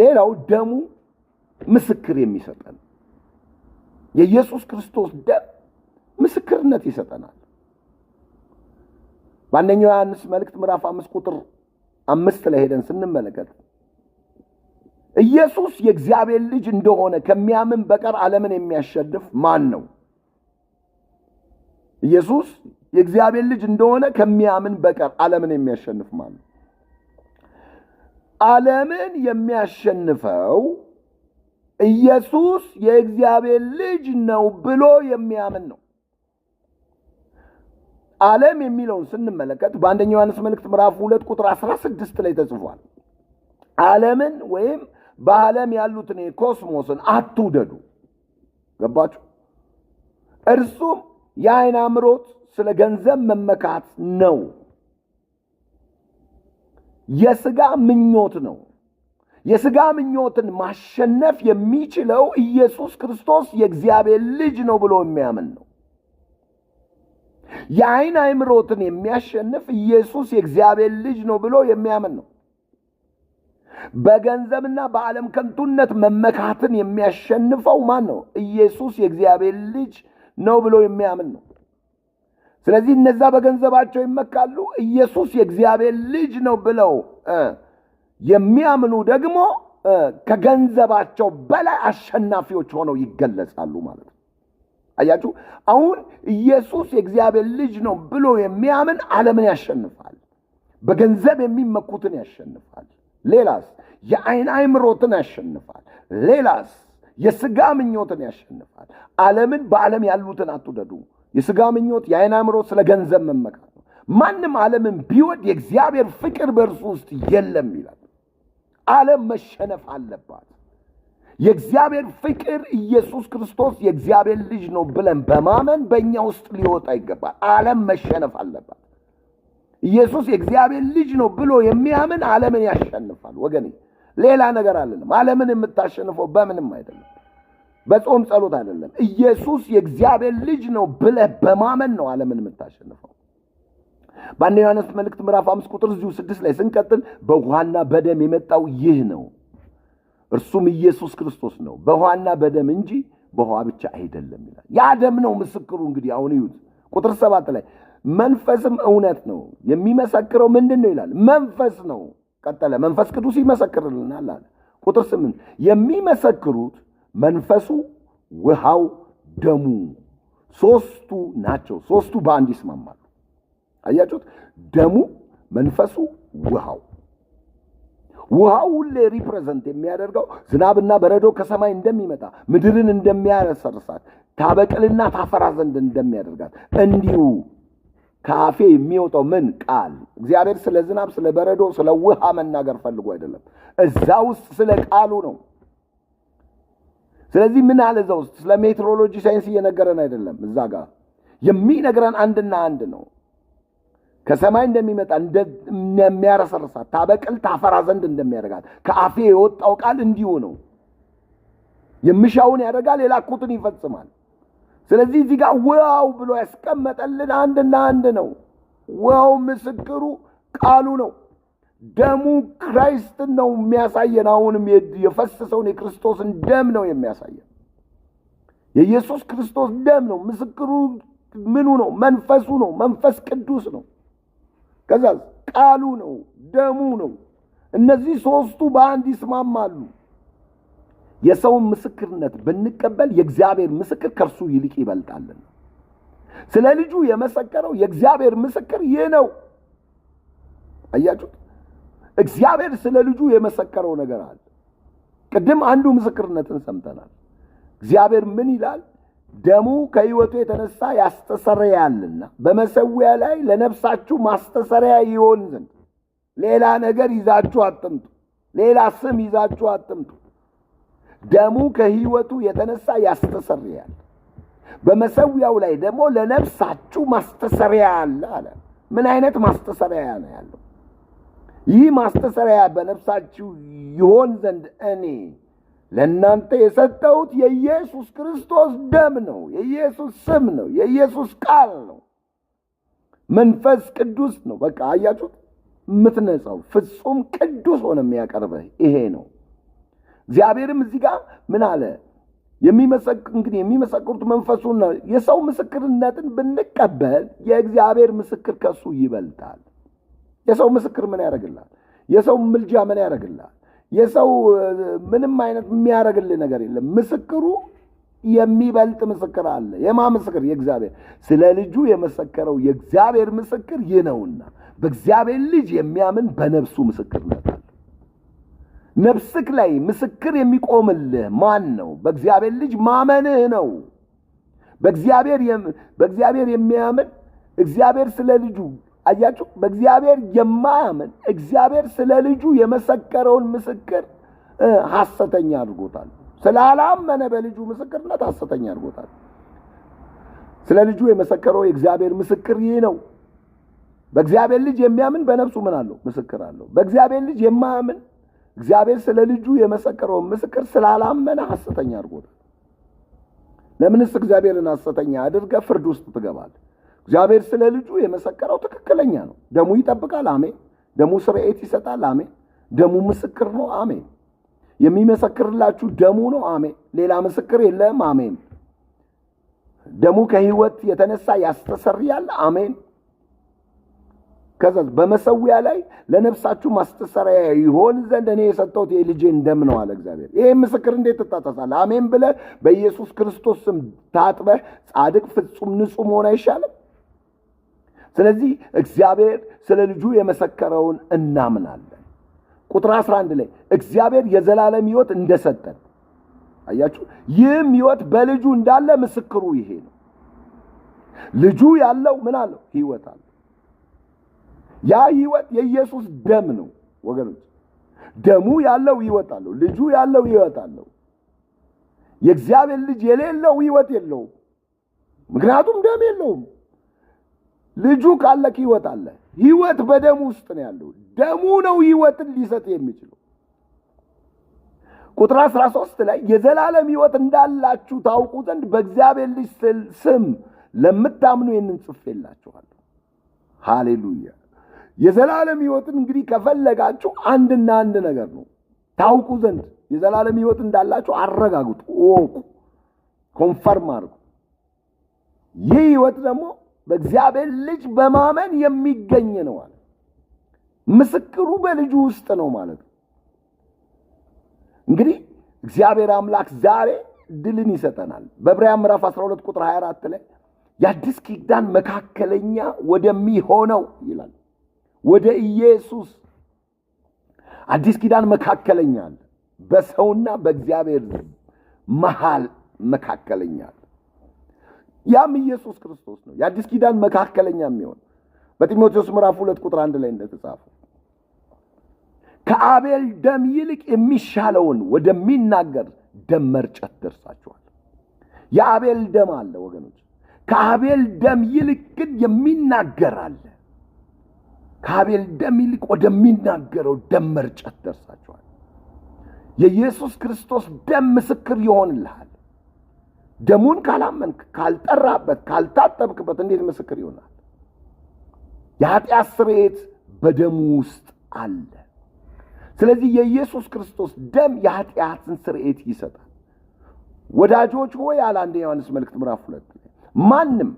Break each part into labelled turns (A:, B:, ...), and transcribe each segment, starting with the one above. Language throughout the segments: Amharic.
A: ሌላው ደሙ ምስክር የሚሰጠን የኢየሱስ ክርስቶስ ደም ምስክርነት ይሰጠናል። በአንደኛው ዮሐንስ መልእክት ምዕራፍ አምስት ቁጥር አምስት ላይ ሄደን ስንመለከት ኢየሱስ የእግዚአብሔር ልጅ እንደሆነ ከሚያምን በቀር ዓለምን የሚያሸንፍ ማን ነው? ኢየሱስ የእግዚአብሔር ልጅ እንደሆነ ከሚያምን በቀር ዓለምን የሚያሸንፍ ማን ነው? ዓለምን የሚያሸንፈው ኢየሱስ የእግዚአብሔር ልጅ ነው ብሎ የሚያምን ነው። ዓለም የሚለውን ስንመለከት በአንደኛ ዮሐንስ መልእክት ምዕራፍ ሁለት ቁጥር 16 ላይ ተጽፏል። ዓለምን ወይም በዓለም ያሉትን ኮስሞስን አትውደዱ። ገባችሁ? እርሱም የአይን አምሮት፣ ስለ ገንዘብ መመካት ነው። የስጋ ምኞት ነው። የስጋ ምኞትን ማሸነፍ የሚችለው ኢየሱስ ክርስቶስ የእግዚአብሔር ልጅ ነው ብሎ የሚያምን ነው። የአይን አይምሮትን የሚያሸንፍ ኢየሱስ የእግዚአብሔር ልጅ ነው ብሎ የሚያምን ነው። በገንዘብና በዓለም ከንቱነት መመካትን የሚያሸንፈው ማን ነው? ኢየሱስ የእግዚአብሔር ልጅ ነው ብሎ የሚያምን ነው። ስለዚህ እነዛ በገንዘባቸው ይመካሉ። ኢየሱስ የእግዚአብሔር ልጅ ነው ብለው የሚያምኑ ደግሞ ከገንዘባቸው በላይ አሸናፊዎች ሆነው ይገለጻሉ ማለት ነው። አያችሁ፣ አሁን ኢየሱስ የእግዚአብሔር ልጅ ነው ብሎ የሚያምን ዓለምን ያሸንፋል። በገንዘብ የሚመኩትን ያሸንፋል። ሌላስ? የአይን አይምሮትን ያሸንፋል። ሌላስ? የስጋ ምኞትን ያሸንፋል። ዓለምን በዓለም ያሉትን አትውደዱ የሥጋ ምኞት፣ የአይን አእምሮ፣ ስለ ገንዘብ መመካት ነው። ማንም ዓለምን ቢወድ የእግዚአብሔር ፍቅር በእርሱ ውስጥ የለም ይላል። ዓለም መሸነፍ አለባት። የእግዚአብሔር ፍቅር ኢየሱስ ክርስቶስ የእግዚአብሔር ልጅ ነው ብለን በማመን በእኛ ውስጥ ሊወጣ ይገባል። ዓለም መሸነፍ አለባት። ኢየሱስ የእግዚአብሔር ልጅ ነው ብሎ የሚያምን ዓለምን ያሸንፋል። ወገኔ ሌላ ነገር አለንም። ዓለምን የምታሸንፈው በምንም አይደለም። በጾም ጸሎት አይደለም። ኢየሱስ የእግዚአብሔር ልጅ ነው ብለህ በማመን ነው ዓለምን የምታሸንፈው። በአንደኛ ዮሐንስ መልእክት ምዕራፍ አምስት ቁጥር እዚሁ ስድስት ላይ ስንቀጥል በውሃና በደም የመጣው ይህ ነው፣ እርሱም ኢየሱስ ክርስቶስ ነው፣ በውሃና በደም እንጂ በውሃ ብቻ አይደለም ይላል። ያ ደም ነው ምስክሩ። እንግዲህ አሁን ይዩት ቁጥር ሰባት ላይ መንፈስም እውነት ነው የሚመሰክረው ምንድን ነው ይላል። መንፈስ ነው። ቀጠለ መንፈስ ቅዱስ ይመሰክርልናል አለ። ቁጥር ስምንት የሚመሰክሩት መንፈሱ፣ ውሃው፣ ደሙ ሶስቱ ናቸው። ሶስቱ በአንድ ይስማማሉ። አያችሁት? ደሙ፣ መንፈሱ፣ ውሃው ውሃው ሁሌ ሪፕሬዘንት የሚያደርገው ዝናብና በረዶ ከሰማይ እንደሚመጣ ምድርን እንደሚያረሰርሳት ታበቅልና ታፈራ ዘንድ እንደሚያደርጋት እንዲሁ ከአፌ የሚወጣው ምን ቃል። እግዚአብሔር ስለ ዝናብ፣ ስለ በረዶ፣ ስለ ውሃ መናገር ፈልጎ አይደለም። እዛ ውስጥ ስለ ቃሉ ነው። ስለዚህ ምን አለ እዛ ውስጥ ስለ ሜትሮሎጂ ሳይንስ እየነገረን አይደለም። እዛ ጋር የሚነግረን አንድና አንድ ነው። ከሰማይ እንደሚመጣ እንደሚያረሰርሳት ታበቅል ታፈራ ዘንድ እንደሚያደርጋት ከአፌ የወጣው ቃል እንዲሁ ነው። የምሻውን ያደርጋል፣ የላኩትን ይፈጽማል። ስለዚህ እዚህ ጋር ዋው ብሎ ያስቀመጠልን አንድና አንድ ነው። ዋው ምስክሩ ቃሉ ነው። ደሙ ክራይስትን ነው የሚያሳየን። አሁንም የፈሰሰውን የክርስቶስን ደም ነው የሚያሳየን። የኢየሱስ ክርስቶስ ደም ነው ምስክሩ። ምኑ ነው? መንፈሱ ነው። መንፈስ ቅዱስ ነው። ከዛ ቃሉ ነው፣ ደሙ ነው። እነዚህ ሶስቱ በአንድ ይስማማሉ። የሰውን ምስክርነት ብንቀበል የእግዚአብሔር ምስክር ከእርሱ ይልቅ ይበልጣልን። ስለ ልጁ የመሰከረው የእግዚአብሔር ምስክር ይህ ነው። አያችሁት? እግዚአብሔር ስለ ልጁ የመሰከረው ነገር አለ። ቅድም አንዱ ምስክርነትን ሰምተናል። እግዚአብሔር ምን ይላል? ደሙ ከሕይወቱ የተነሳ ያስተሰረያልና በመሰዊያ ላይ ለነፍሳችሁ ማስተሰሪያ ይሆን ዘንድ ሌላ ነገር ይዛችሁ አትምጡ፣ ሌላ ስም ይዛችሁ አትምጡ። ደሙ ከሕይወቱ የተነሳ ያስተሰርያል፣ በመሰዊያው ላይ ደግሞ ለነፍሳችሁ ማስተሰሪያ አለ አለ። ምን አይነት ማስተሰሪያ ነው ያለው? ይህ ማስተሰሪያ በነፍሳችሁ ይሆን ዘንድ እኔ ለእናንተ የሰጠሁት የኢየሱስ ክርስቶስ ደም ነው። የኢየሱስ ስም ነው። የኢየሱስ ቃል ነው። መንፈስ ቅዱስ ነው። በቃ አያችሁት? የምትነጻው ፍጹም ቅዱስ ሆነ የሚያቀርበህ ይሄ ነው። እግዚአብሔርም እዚህ ጋር ምን አለ? እንግዲህ የሚመሰክሩት መንፈሱን ነው። የሰው ምስክርነትን ብንቀበል የእግዚአብሔር ምስክር ከሱ ይበልጣል። የሰው ምስክር ምን ያደርግላል? የሰው ምልጃ ምን ያደርግላል? የሰው ምንም አይነት የሚያደርግልህ ነገር የለም። ምስክሩ የሚበልጥ ምስክር አለ። የማ ምስክር? የእግዚአብሔር ስለ ልጁ የመሰከረው የእግዚአብሔር ምስክር ይህ ነውና በእግዚአብሔር ልጅ የሚያምን በነፍሱ ምስክርነት አለ። ነፍስክ ላይ ምስክር የሚቆምልህ ማን ነው? በእግዚአብሔር ልጅ ማመንህ ነው። በእግዚአብሔር የሚያምን እግዚአብሔር ስለ ልጁ አያችሁ፣ በእግዚአብሔር የማያምን እግዚአብሔር ስለ ልጁ የመሰከረውን ምስክር ሐሰተኛ አድርጎታል። ስላላመነ በልጁ ምስክርነት ሐሰተኛ አድርጎታል። ስለ ልጁ የመሰከረው የእግዚአብሔር ምስክር ይህ ነው። በእግዚአብሔር ልጅ የሚያምን በነፍሱ ምን አለው? ምስክር አለው። በእግዚአብሔር ልጅ የማያምን እግዚአብሔር ስለ ልጁ የመሰከረውን ምስክር ስላላመነ ሐሰተኛ አድርጎታል። ለምንስ እግዚአብሔርን ሐሰተኛ አድርገ ፍርድ ውስጥ ትገባለህ? እግዚአብሔር ስለ ልጁ የመሰከረው ትክክለኛ ነው። ደሙ ይጠብቃል፣ አሜን። ደሙ ስርየት ይሰጣል፣ አሜን። ደሙ ምስክር ነው፣ አሜን። የሚመሰክርላችሁ ደሙ ነው፣ አሜን። ሌላ ምስክር የለም፣ አሜን። ደሙ ከህይወት የተነሳ ያስተሰርያል፣ አሜን። ከዛ በመሰዊያ ላይ ለነፍሳችሁ ማስተሰሪያ ይሆን ዘንድ እኔ የሰጠሁት የልጄን ደም ነው አለ እግዚአብሔር። ይህ ምስክር እንዴት ትታጠሳለህ? አሜን ብለህ በኢየሱስ ክርስቶስ ስም ታጥበህ ጻድቅ ፍጹም ንጹህ መሆን አይሻልም? ስለዚህ እግዚአብሔር ስለ ልጁ የመሰከረውን እናምናለን። ቁጥር 11 ላይ እግዚአብሔር የዘላለም ሕይወት እንደሰጠን አያችሁ፣ ይህም ሕይወት በልጁ እንዳለ ምስክሩ ይሄ ነው። ልጁ ያለው ምን አለው? ሕይወት አለ። ያ ሕይወት የኢየሱስ ደም ነው ወገኖች። ደሙ ያለው ሕይወት አለው። ልጁ ያለው ሕይወት አለው። የእግዚአብሔር ልጅ የሌለው ሕይወት የለውም፣ ምክንያቱም ደም የለውም። ልጁ ካለክ ህይወት አለ። ህይወት በደሙ ውስጥ ነው ያለው። ደሙ ነው ህይወትን ሊሰጥ የሚችለው። ቁጥር 13 ላይ የዘላለም ህይወት እንዳላችሁ ታውቁ ዘንድ በእግዚአብሔር ልጅ ስም ለምታምኑ ይህንን ጽፌላችኋለሁ። ሃሌሉያ። የዘላለም ህይወትን እንግዲህ ከፈለጋችሁ አንድና አንድ ነገር ነው፣ ታውቁ ዘንድ የዘላለም ህይወት እንዳላችሁ አረጋግጡ፣ እወቁ፣ ኮንፈርም አድርጉ። ይህ ህይወት ደግሞ በእግዚአብሔር ልጅ በማመን የሚገኝ ነው አለ። ምስክሩ በልጁ ውስጥ ነው ማለት ነው። እንግዲህ እግዚአብሔር አምላክ ዛሬ ድልን ይሰጠናል። በዕብራውያን ምዕራፍ 12 ቁጥር 24 ላይ የአዲስ ኪዳን መካከለኛ ወደሚሆነው ይላል ወደ ኢየሱስ አዲስ ኪዳን መካከለኛ አለ። በሰውና በእግዚአብሔር መሃል መካከለኛ ያም ኢየሱስ ክርስቶስ ነው። የአዲስ ኪዳን መካከለኛ የሚሆን በጢሞቴዎስ ምዕራፍ ሁለት ቁጥር አንድ ላይ እንደተጻፈ ከአቤል ደም ይልቅ የሚሻለውን ወደሚናገር ደም መርጨት ደርሳችኋል። የአቤል ደም አለ ወገኖች። ከአቤል ደም ይልቅ ግን የሚናገር አለ። ከአቤል ደም ይልቅ ወደሚናገረው ደም መርጨት ደርሳችኋል። የኢየሱስ ክርስቶስ ደም ምስክር ይሆንልሃል። ደሙን ካላመንክ፣ ካልጠራበት፣ ካልታጠብክበት እንዴት ምስክር ይሆናል? የኃጢአት ስርየት በደሙ ውስጥ አለ። ስለዚህ የኢየሱስ ክርስቶስ ደም የኃጢአትን ስርየት ይሰጣል። ወዳጆች ሆይ አለ አንደኛ ዮሐንስ መልእክት ምዕራፍ ሁለት ማንም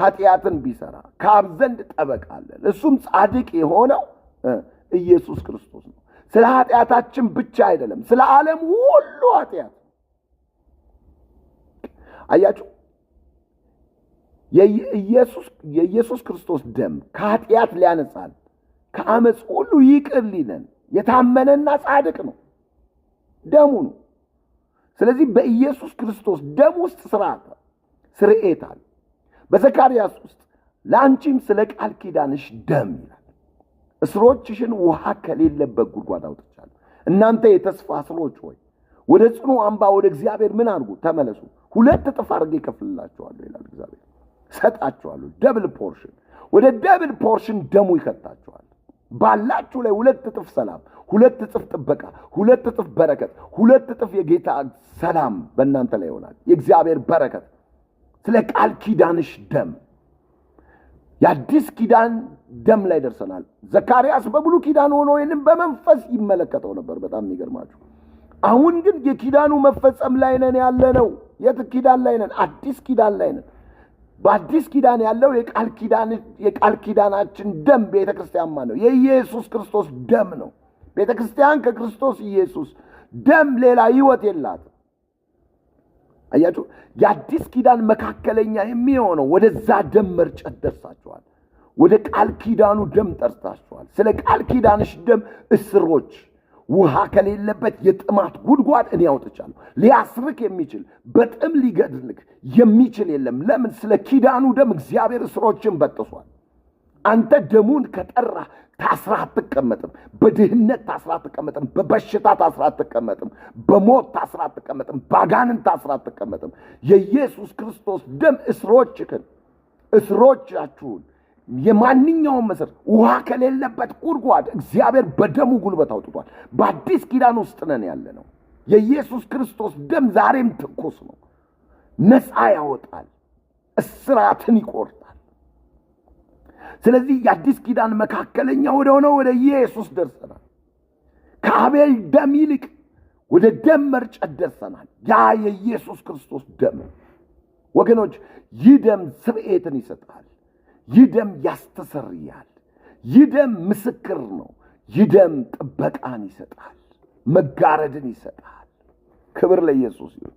A: ኃጢአትን ቢሰራ ከአብ ዘንድ ጠበቃ አለን፣ እሱም ጻድቅ የሆነው ኢየሱስ ክርስቶስ ነው። ስለ ኃጢአታችን ብቻ አይደለም፣ ስለ ዓለም ሁሉ ኃጢአት አያችሁ፣ የኢየሱስ ክርስቶስ ደም ከኃጢአት ሊያነጻን ከአመፅ ሁሉ ይቅር ሊለን የታመነና ጻድቅ ነው። ደሙ ነው። ስለዚህ በኢየሱስ ክርስቶስ ደም ውስጥ ስርዓት ስርኤት አለ። በዘካርያስ ውስጥ ለአንቺም ስለ ቃል ኪዳንሽ ደም ይላል። እስሮችሽን ውሃ ከሌለበት ጉድጓድ አውጥቻለሁ። እናንተ የተስፋ እስሮች ሆይ ወደ ጽኑ አምባ ወደ እግዚአብሔር ምን አድርጉ? ተመለሱ። ሁለት እጥፍ አድርጌ እከፍልላችኋለሁ ይላል እግዚአብሔር። እሰጣችኋለሁ፣ ደብል ፖርሽን። ወደ ደብል ፖርሽን ደሙ ይከታችኋል። ባላችሁ ላይ ሁለት እጥፍ ሰላም፣ ሁለት እጥፍ ጥበቃ፣ ሁለት እጥፍ በረከት፣ ሁለት እጥፍ የጌታ ሰላም በእናንተ ላይ ይሆናል። የእግዚአብሔር በረከት ስለ ቃል ኪዳንሽ ደም የአዲስ ኪዳን ደም ላይ ደርሰናል። ዘካርያስ በብሉ ኪዳን ሆኖ ይህንም በመንፈስ ይመለከተው ነበር። በጣም የሚገርማችሁ አሁን ግን የኪዳኑ መፈጸም ላይ ነን ያለ ነው። የት ኪዳን ላይ ነን? አዲስ ኪዳን ላይ ነን። በአዲስ ኪዳን ያለው የቃል ኪዳናችን ደም ቤተ ክርስቲያን ማ ነው፣ የኢየሱስ ክርስቶስ ደም ነው። ቤተ ክርስቲያን ከክርስቶስ ኢየሱስ ደም ሌላ ህይወት የላት አያችሁ፣ የአዲስ ኪዳን መካከለኛ የሚሆነው ወደዛ ደም መርጨት ደርሳችኋል። ወደ ቃል ኪዳኑ ደም ጠርሳችኋል። ስለ ቃል ኪዳንሽ ደም እስሮች ውሃ ከሌለበት የጥማት ጉድጓድ እኔ አውጥቻለሁ። ሊያስርክ የሚችል በጥም ሊገድልክ የሚችል የለም። ለምን? ስለ ኪዳኑ ደም እግዚአብሔር እስሮችን በጥሷል። አንተ ደሙን ከጠራ ታስራ አትቀመጥም። በድህነት ታስራ አትቀመጥም። በበሽታ ታስራ አትቀመጥም። በሞት ታስራ አትቀመጥም። ባጋንን ታስራ አትቀመጥም። የኢየሱስ ክርስቶስ ደም እስሮችክን እስሮቻችሁን የማንኛውም ምስር ውሃ ከሌለበት ጉድጓድ እግዚአብሔር በደሙ ጉልበት አውጥቷል። በአዲስ ኪዳን ውስጥ ነን ያለ ነው። የኢየሱስ ክርስቶስ ደም ዛሬም ትኩስ ነው። ነፃ ያወጣል፣ እስራትን ይቆርጣል። ስለዚህ የአዲስ ኪዳን መካከለኛ ወደ ሆነው ወደ ኢየሱስ ደርሰናል። ከአቤል ደም ይልቅ ወደ ደም መርጨት ደርሰናል። ያ የኢየሱስ ክርስቶስ ደም ወገኖች፣ ይህ ደም ስርኤትን ይሰጣል። ይህ ደም ያስተሰርያል። ይህ ደም ምስክር ነው። ይህ ደም ጥበቃን ይሰጣል፣ መጋረድን ይሰጣል። ክብር ለኢየሱስ ይሁን።